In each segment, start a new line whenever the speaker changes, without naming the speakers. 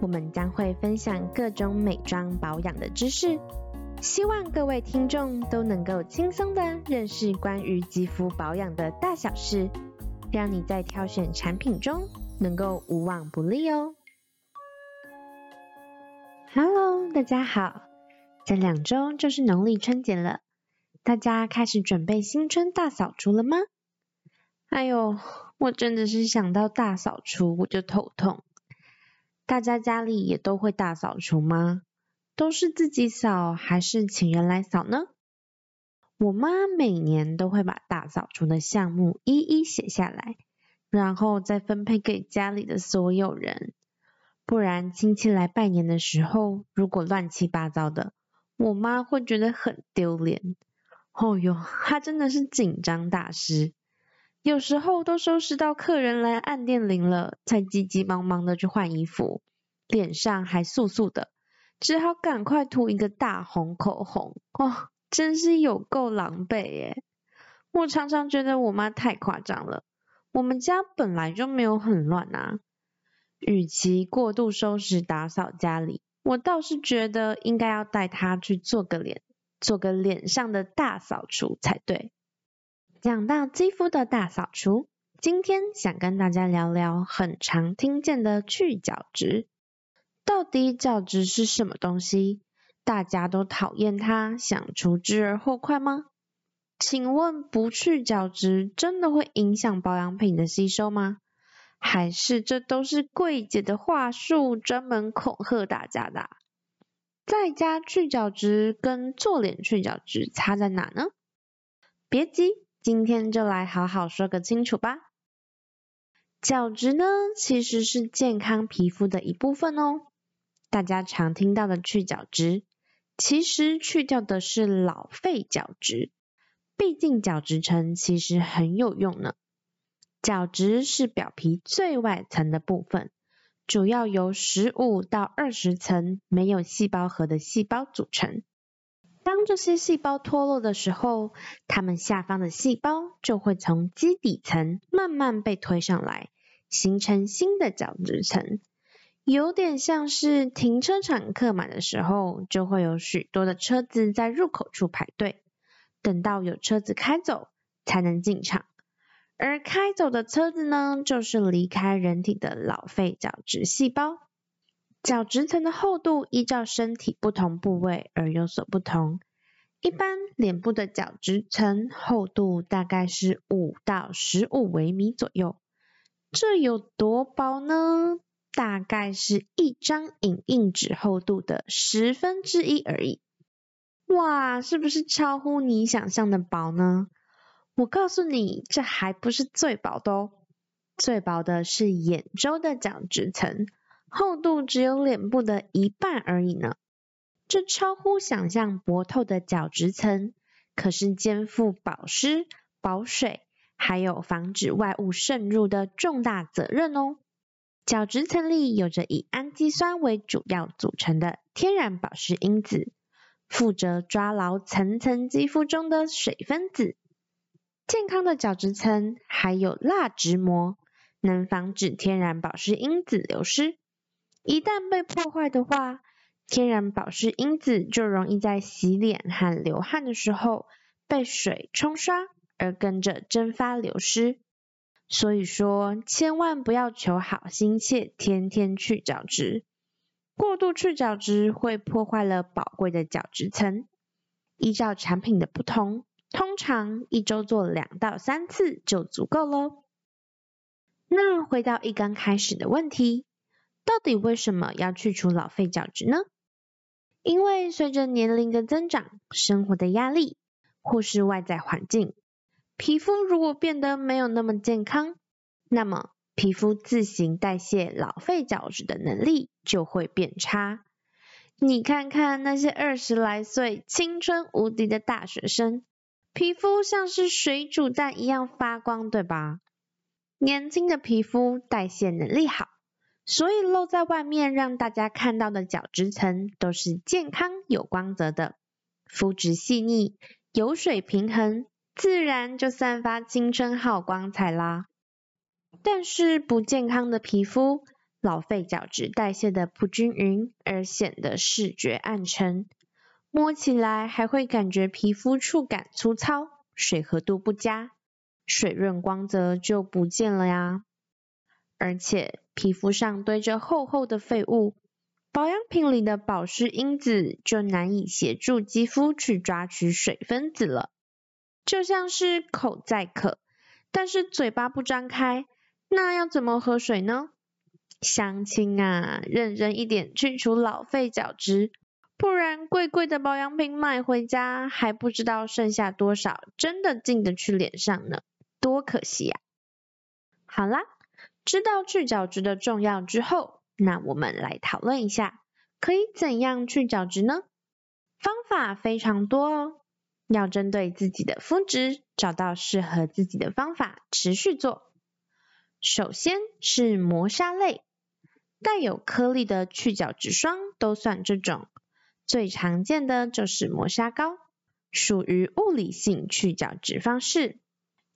我們將會分享各種美妝保養的知識，希望各位聽眾都能夠輕鬆地認識關於肌膚保養的大小事，讓你在挑選產品中能夠無往不利哦。Hello，大家好，再兩周就是農曆春節了，大家開始準備新春大掃除了嗎？哎呦，我真的是想到大掃除我就頭痛。大家家裡也都會大掃除嗎？都是自己掃，還是請人來掃呢？我媽每年都會把大掃除的項目一一寫下來，然後再分配給家裡的所有人。不然親戚來拜年的時候，如果亂七八糟的，我媽會覺得很丟臉。哦喲，她真的是緊張大師。有時候都收拾到客人來按電鈴了，才急急忙忙的去換衣服，臉上還素素的，只好趕快塗一個大紅口紅。哦，真是有夠狼狽耶！我常常覺得我媽太誇張了，我們家本來就沒有很亂啊。與其過度收拾打掃家裡，我倒是覺得應該要帶她去做個臉，做個臉上的大掃除才對。講到肌膚的大掃除，今天想跟大家聊聊很常聽見的去角質。到底角質是什麼東西？大家都討厭它，想除之而後快嗎？請問不去角質，真的會影響保養品的吸收嗎？還是這都是櫃姐的話術，專門恐嚇大家的？在家去角質跟做臉去角質差在哪呢？別急。今天就來好好說個清楚吧。角質呢，其實是健康皮膚的一部分哦。大家常聽到的去角質，其實去掉的是老廢角質，畢竟角質層其實很有用呢。角質是表皮最外層的部分，主要由十五到二十層沒有細胞核的細胞組成。這些細胞脫落的時候，它們下方的細胞就會從基底層慢慢被推上來，形成新的角質層。有點像是停車場客滿的時候，就會有許多的車子在入口處排隊，等到有車子開走，才能進場。而開走的車子呢，就是離開人體的老廢角質細胞。角質層的厚度依照身體不同部位而有所不同。一般，臉部的角質層厚度大概是五到十五微米左右，這有多薄呢？大概是一張影印紙厚度的十分之一而已。哇，是不是超乎你想象的薄呢？我告訴你，這還不是最薄的哦，最薄的是眼周的角質層，厚度只有臉部的一半而已呢。這超乎想象薄透的角質層，可是肩負保濕、保水，還有防止外物滲入的重大責任哦。角質層裡有着以氨基酸為主要組成的天然保濕因子，負責抓牢層層肌膚中的水分子。健康的角質層還有蠟質膜，能防止天然保濕因子流失。一旦被破壞的話，天然保濕因子就容易在洗臉和流汗的時候被水沖刷，而跟着蒸發流失。所以說，千萬不要求好心切，天天去角質。過度去角質會破壞了寶貴的角質層。依照產品的不同，通常一週做兩到三次就足夠嘍。那回到一剛開始的問題，到底為什麼要去除老廢角質呢？因為隨着年齡的增長，生活的壓力，或是外在環境，皮膚如果變得沒有那麼健康，那麼皮膚自行代謝老廢角質的能力就會變差。你看看那些二十來歲青春無敵的大學生，皮膚像是水煮蛋一樣發光，對吧？年輕的皮膚代謝能力好。所以露在外面讓大家看到的角質層都是健康有光澤的，膚質細膩，油水平衡，自然就散發青春好光彩啦。但是不健康的皮膚，老廢角質代謝的不均勻，而顯得視覺暗沉，摸起來還會感覺皮膚觸感粗糙，水合度不佳，水潤光澤就不見了呀。而且皮膚上堆着厚厚的廢物，保養品裡的保濕因子就難以協助肌膚去抓取水分子了。就像是口在渴，但是嘴巴不張開，那要怎麼喝水呢？鄉親啊，認真一點去除老廢角質，不然貴貴的保養品買回家，還不知道剩下多少真的進得去臉上呢，多可惜呀，啊。好啦。知道去角質的重要之後，那我們來討論一下，可以怎樣去角質呢？方法非常多哦，要針對自己的膚質，找到適合自己的方法，持續做。首先是磨砂類，帶有顆粒的去角質霜都算這種，最常見的就是磨砂膏，屬於物理性去角質方式。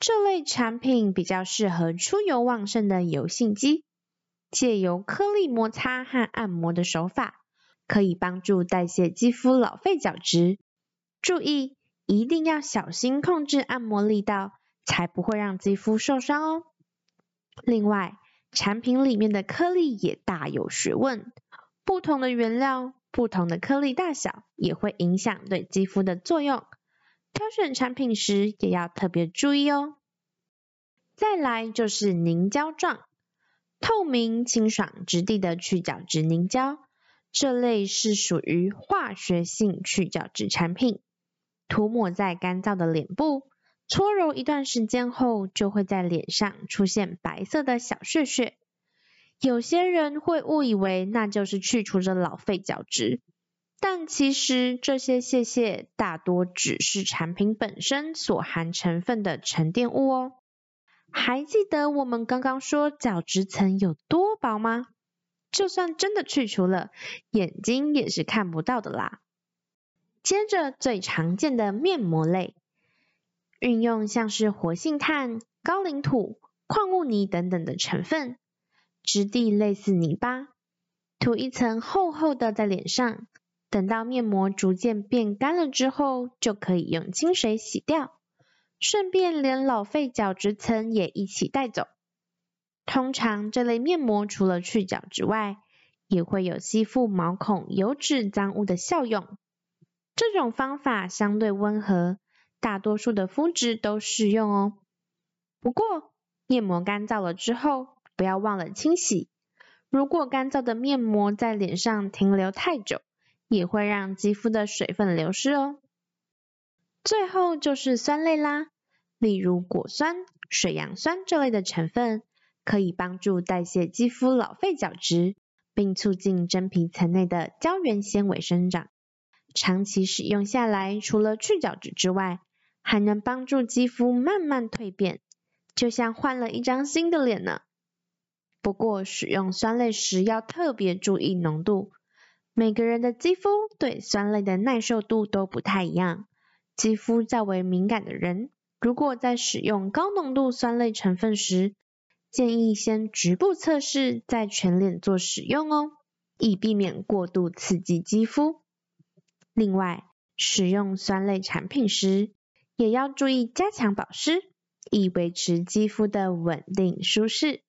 這類產品比較適合出油旺盛的油性肌，借由顆粒摩擦和按摩的手法，可以幫助代謝肌膚老廢角質。注意，一定要小心控制按摩力道，才不會讓肌膚受傷哦。另外，產品裡面的顆粒也大有學問，不同的原料、不同的顆粒大小，也會影響對肌膚的作用。挑選產品時也要特別注意哦。再來就是凝膠狀，透明、清爽、質地的去角質凝膠，這類是屬於化學性去角質產品。塗抹在乾燥的臉部，搓揉一段時間後，就會在臉上出現白色的小屑屑，有些人會誤以為那就是去除着老廢角質。但其實這些屑屑大多只是產品本身所含成分的沉澱物哦。還記得我們剛剛說角質層有多薄嗎？就算真的去除了，眼睛也是看不到的啦。接着最常見的面膜類，運用像是活性炭、高嶺土、礦物泥等等的成分，質地類似泥巴，塗一層厚厚的在臉上。等到面膜逐漸變乾了之後，就可以用清水洗掉，順便連老廢角質層也一起帶走。通常這類面膜除了去角質外，也會有吸附毛孔油脂髒污的效用。這種方法相對溫和，大多數的膚質都適用哦。不過面膜乾燥了之後，不要忘了清洗。如果乾燥的面膜在臉上停留太久，也會讓肌膚的水分流失哦。最後就是酸類啦，例如果酸、水楊酸這類的成分，可以幫助代謝肌膚老廢角質，並促進真皮層內的膠原纖維生長。長期使用下來，除了去角質之外，還能幫助肌膚慢慢蛻變，就像換了一張新的臉呢。不過使用酸類時要特別注意濃度。每個人的肌膚對酸類的耐受度都不太一樣，肌膚較為敏感的人，如果在使用高濃度酸類成分時，建議先局部測試，再全臉做使用哦，以避免過度刺激肌膚。另外，使用酸類產品時，也要注意加強保濕，以維持肌膚的穩定舒適。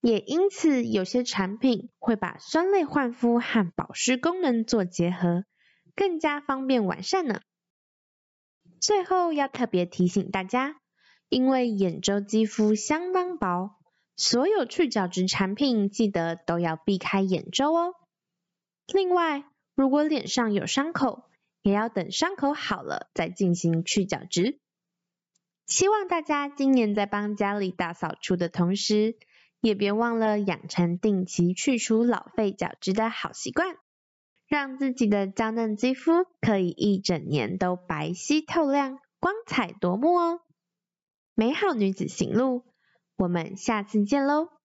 也因此，有些產品會把酸類煥膚和保濕功能做結合，更加方便完善呢。最後要特別提醒大家，因為眼周肌膚相當薄，所有去角質產品記得都要避開眼周哦。另外，如果臉上有傷口，也要等傷口好了再進行去角質。希望大家今年在幫家裡大掃除的同時，也別忘了養成定期去除老廢角質的好習慣，讓自己的嬌嫩肌膚可以一整年都白皙透亮、光彩奪目哦！美好女子行路，我們下次見嘍！